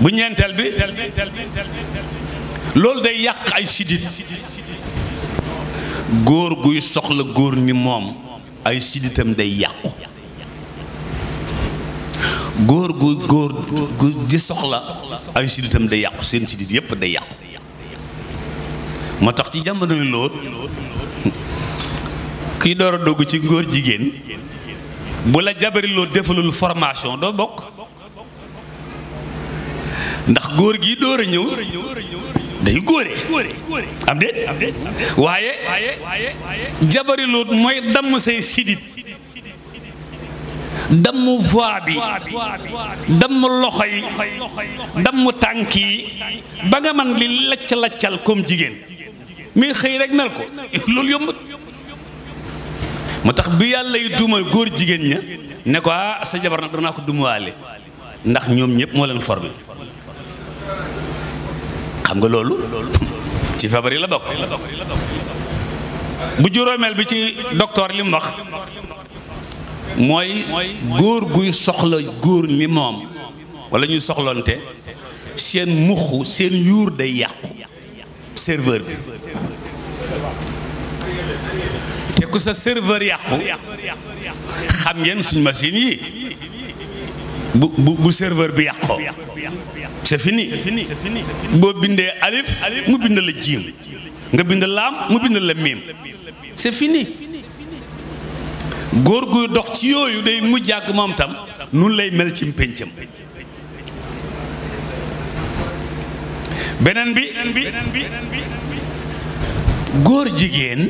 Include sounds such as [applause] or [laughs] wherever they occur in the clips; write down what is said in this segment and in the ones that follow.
bu ñeenteel bi loolu day yàq ay sidit góor guy soxla góor ni moom ay siditam day yàqu góor gu góor gu di soxla ay siditam day yàqu seen sidit yépp day yàqu moo tax ci jamonoy lool kiy door a dogg ci góor jigéen bu la jabari defalul formation doo bokk ndax góor gi dóor a ñëw day góore am déet waaye jabari luut mooy damm say sidit damm voix bi damm loxo yi damm tànk yi ba nga man li lacc-laccal comme jigéen mais xëy rek mel ko loolu yombut mu tax bi yàlla yi duma góor jigéen ña ne ko ah sa jabar nag naa ko dumuwaale ndax ñoom ñëpp moo leen formé xam nga loolu ci fabar yi la bokk bu juróomeel bi ci docteur li mu wax mooy góor guy soxla góor ni moom wala ñuy soxlonte seen muxu seen yuur day yàqu serveur bi te ku sa serveur yàqu xam ngeen suñ machine yi bu bu serveur bi yàqoo c'est fini boo bindee alif mu bind la jiim nga bind laam mu bind la miim c'est fini góor guy dox ci yooyu day mu ak moom tam nun lay mel ci péncam beneen bi góor jigéen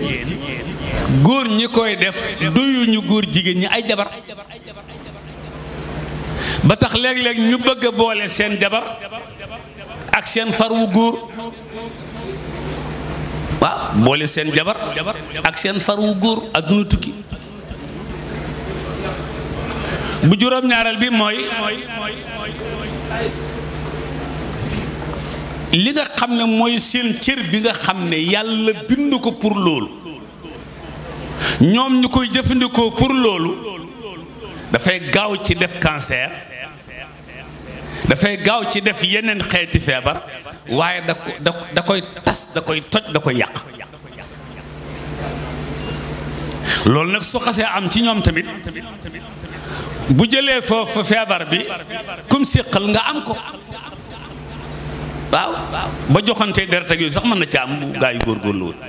góor ñi koy def doyuñu góor jigéen ñi ay jabar ba tax léeg-léeg ñu bëgg boole seen jabar ak seen far wu góor waaw boole seen jabar ak seen far wu góor adduna tukki bu juróom ñaaral bi mooy li nga xam ne mooy seen cër bi nga xam ne yàlla bind ko pour loolu ñoom ñu koy jëfandikoo pour loolu dafay gaaw ci def cancer dafay gaaw ci def yeneen xeeti feebar waaye da koy tas da koy toj da koy yàq loolu nag su xasee am ci ñoom tamit bu jëlee foofu feebar bi kum siqal nga am ko waaw ba joxantee deret ak yooyu sax mën na ci am bu gaa yu góorgóorlu woon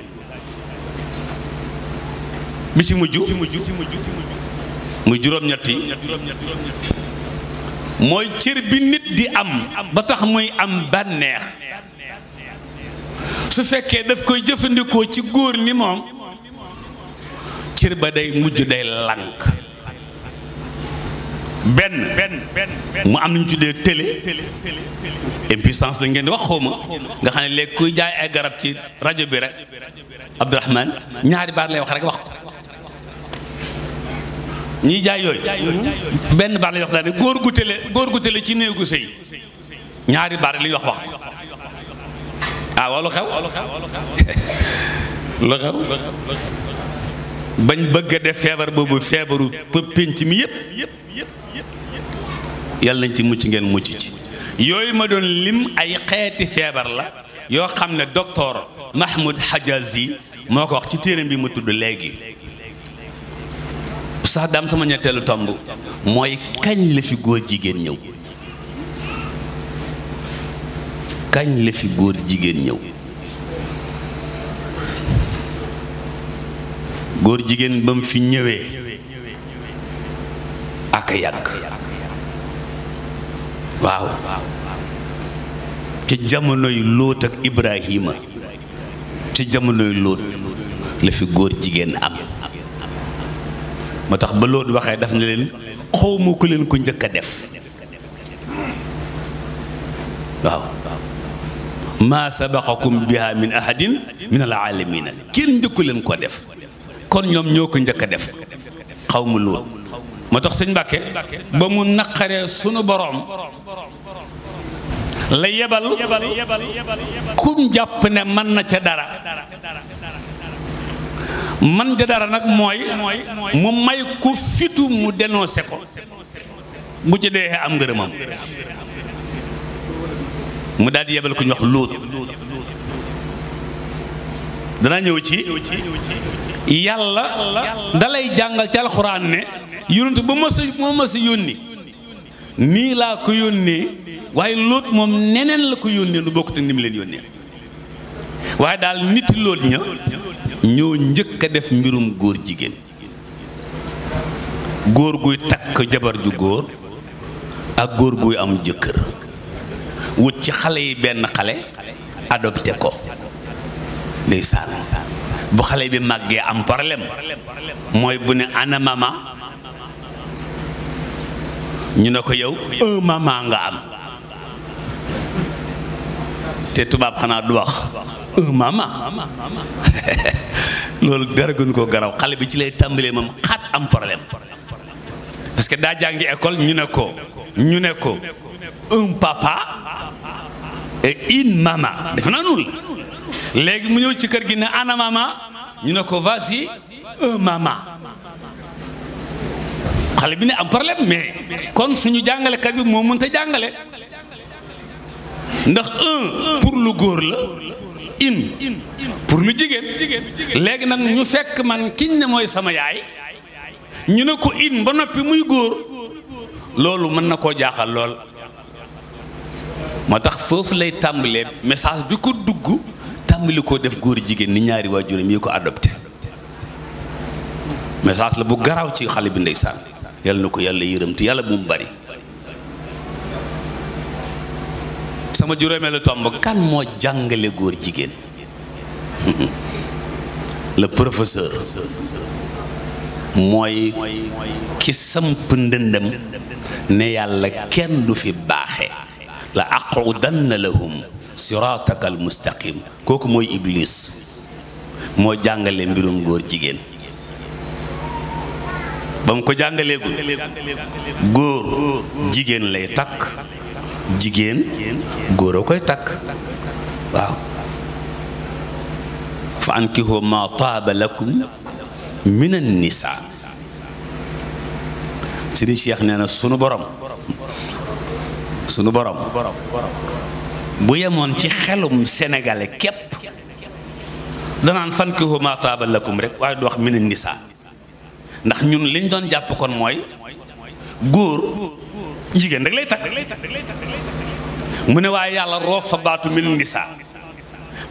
bi ci mujj muy juróom-ñett yi mooy cër bi nit di am ba tax muy am bànneex su fekkee daf koy jëfandikoo ci góor ni moom cër ba day mujj day lànk benn benn mu am lu ñu tuddee télé impuissance la ngeen di wax xawma nga xam ne lekk kuy jaay ay garab ci rajo bi rek Abdourahman ñaari baat lay wax rek wax ko ñiy jaay yooyu benn baar la wax daal góor gu tële góor gu tële ci néegu sëy ñaari baar li wax wax ah walu xew [laughs] lu xew bañ bëgg a def feebar boobu feebaru pénc mi yépp yàlla nañ ci mucc ngeen mucc ci yooyu ma doon lim ay xeeti feebar la yoo xam ne docteur Mahmoud Hajazi moo ko wax ci téeram bi mu tudd léegi sax daam sama ñetteelu tomb mooy kañ la fi góor jigéen ñëw kañ fi góor jigéen ñëw góor jigéen ba mu fi ñëwee ak yàgg waaw ci jamonoy lóot ak Ibrahima ci jamonoy lóot la fi góor jigéen ame moo tax ba loolu waxee daf na leen xawma ku leen ko njëkk a def waaw maa sabaqakum biha min ahadin min al kenn njëkku leen ko def kon ñoom ñoo ko njëkk a def xaw ma lool moo tax sëñ Mbàkke ba mu naqaree sunu boroom la yebal kum jàpp ne mën na ca dara man ja dara nag mooy mu may ko fitu mu dénoncé ko bu ci dee am ngërëmam mu daal di yebal ku ñu wax luut danaa ñëw ci yàlla dalay jàngal ci alxuraan ne yonent ba ma sa ba ma sa yónni nii laa ko yónnee waaye luut moom neneen la ko yónnee lu bokkut ak ni mu leen yónnee waaye daal nit lool ña ñoo njëkk a def mbirum góor jigéen góor guy takk jabar ju góor ak góor guy am jëkkër wut ci xale yi benn xale adopté ko ndeysaan bu xale bi màggee am problème mooy bu ne ana ñu ne ko yow un nga am te tubaab xanaa du wax un mama [laughs] loolu dara gën koo garaw xale bi ci lay tàmbalee moom am problème parce que daa jàngi école ñu ne ko ñu ne ko un papa et une mama def naa noonu léegi mu ñëw ci kër gi ne ana mama ñu ne ko voici un mama xale bi ne am problème mais kon suñu jàngalekat bi moo mënta jàngale ndax un pour lu góor la in pour lu jigéen léegi nag ñu fekk man kiñ ne mooy sama yaay ñu ne ko in ba noppi muy góor loolu mën na koo jaaxal lool moo tax foofu lay tàmbalee message bi ko dugg tàmbali koo def góor jigéen ni ñaari waajuram yi ko adopté message la bu garaaw ci xale bi ndeysaan yàlla na ko yàlla yërëmti yàlla bu mu bari sama juróomeelu tomb kan moo jàngale góor jigéen [laughs] le professeur mooy ki samp ndëndam ne yàlla kenn du fi baaxe la aqudanna lahum siraataka al mustaqim kooku mooy iblis moo jàngale mbirum góor jigéen ba mu ko jàngaleegul góor jigéen lay takk jigéen góor koy takk waaw fa ankihu ma taaba lakum min an nisaa Sëriñ Cheikh nee na sunu borom sunu borom bu yemoon ci xelum sénégalais képp danaan fankihu ma taaba lakum rek waaye du wax min an nisaa ndax ñun liñ doon jàpp kon mooy góor jigéen rek lay takk mu ne waaye yàlla roof fa baatu min nisaa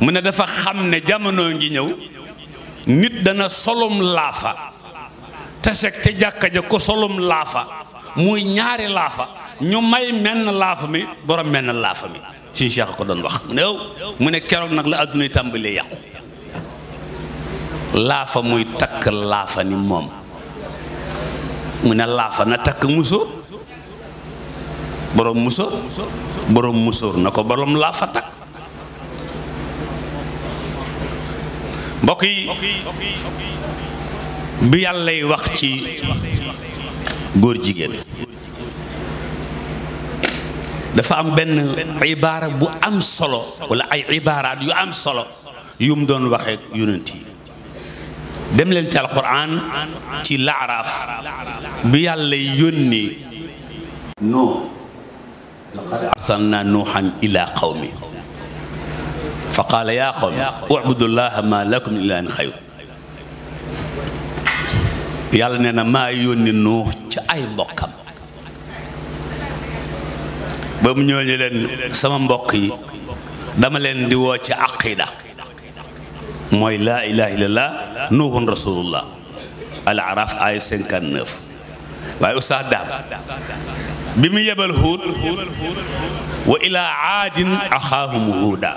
mu ne dafa xam ne jamono ngi ñëw nit dana solum laafa teseg te jàkka ja ko solum laafa muy ñaari laafa ñu may menn laafa mi borom menn laafa mi suñu cheikh ko doon wax mu ne mu ne keroog nag la àdduna tàmbalee yàqu laafa muy takk laafa ni moom mu ne laafa na takk musóor boroom musóor musóor na ko boroom laa fa takk mbokk yi bi yàllay wax ci góor jigéen dafa am benn ibaara bu am solo wala ay ibaaraat yu am solo yu doon waxee yonent yi dem leen ci alquran ci laaraaf bi yàlla yónni non laqad arsalna nuuhan ila qawmi fa qaala yaa qawmi ubudullaha ma lakum min ilaahin xayr yàlla nee na maa yónni nuux ci ay mbokkam ba mu ñëw ñu leen sama mbokk yi dama leen di woo ci aqida mooy laa ilaha illallah nuuhun rasulullah al araf ay 59 waaye ustaas daam bi mu yebal huud wa ilaa aadin axaahum huuda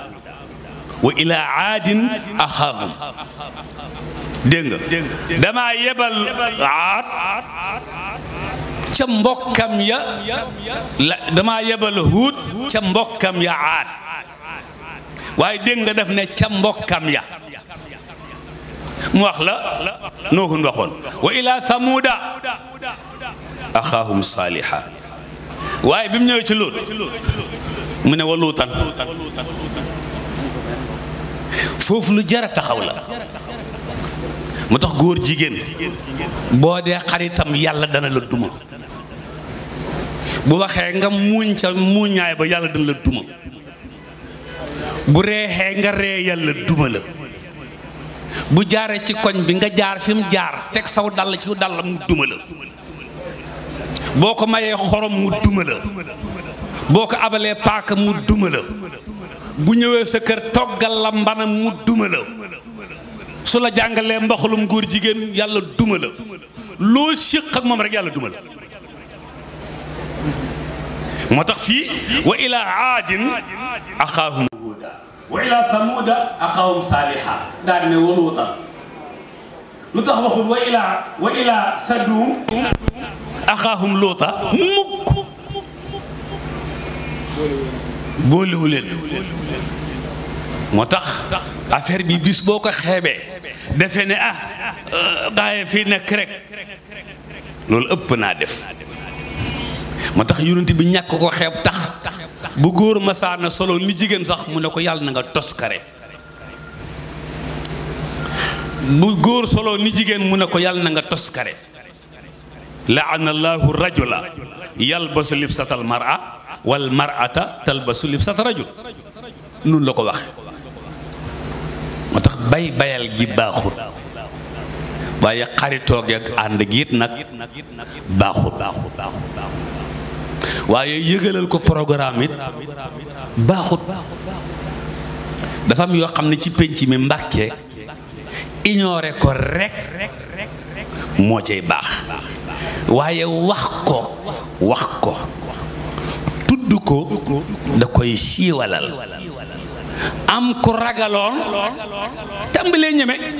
wa ilaa aadin axaahum dégg nga damaa yebal aad ca mbokkam ya la damaa yebal huud ca mbokkam ya aad waaye dégg nga def ne ca mbokkam ya mu wax la noohun waxoon wa ilaa samuuda axaahum saaliha waaye bi mu ñëwee ci Luut mu ne wa luutan foofu lu jar a taxaw la mu tax góor jigéen boo dee xaritam yàlla dana la duma bu waxee nga muuñ sa muuñaay ba yàlla dana la duma bu reexee nga ree yàlla duma la bu jaaree ci koñ bi nga jaar fi mu jaar teg saw dàll ci dàll mu duma la boo ko mayee xorom mu duma la boo ko abalee paaka mu duma la bu ñëwee sa kër toggal la mbana mu duma la su la jàngalee mbaxalum góor jigéen yàlla duma la loo séq ak moom rek yàlla duma la moo tax fii wa ilaa aadin axaahum huuda wa ilaa thamuuda axaahum saaliha daal ne woon wutal lu tax waxul wa ilaa wa ilaa axaahum luuta mukk boolewu leen moo tax affaire bi bis boo ko xeebee defe ne ah euh, gaaye fii nekk rek loolu ëpp naa def moo tax yonent bi ñàkk ko xeeb tax bu góor masaana solo ni jigéen sax mu ne ko yàlla na nga toskare bu góor solo ni jigéen mu ne ko yàlla na nga toskare laana allahu rajula yalbasu libsata al mara wal marata talbasu libsata rajul nun la ko waxe moo tax bay bayal gi baaxul waaye xaritoo gi ak ànd gi it nag baaxul waaye yëgalal ko programme it baaxut dafa am yoo xam ne ci penc mi mbàkke ignoré ko rek moo cay baax waaye wax ko wax ko tudd ko da koy siiwalal am ku ragaloon tàmbalee ñeme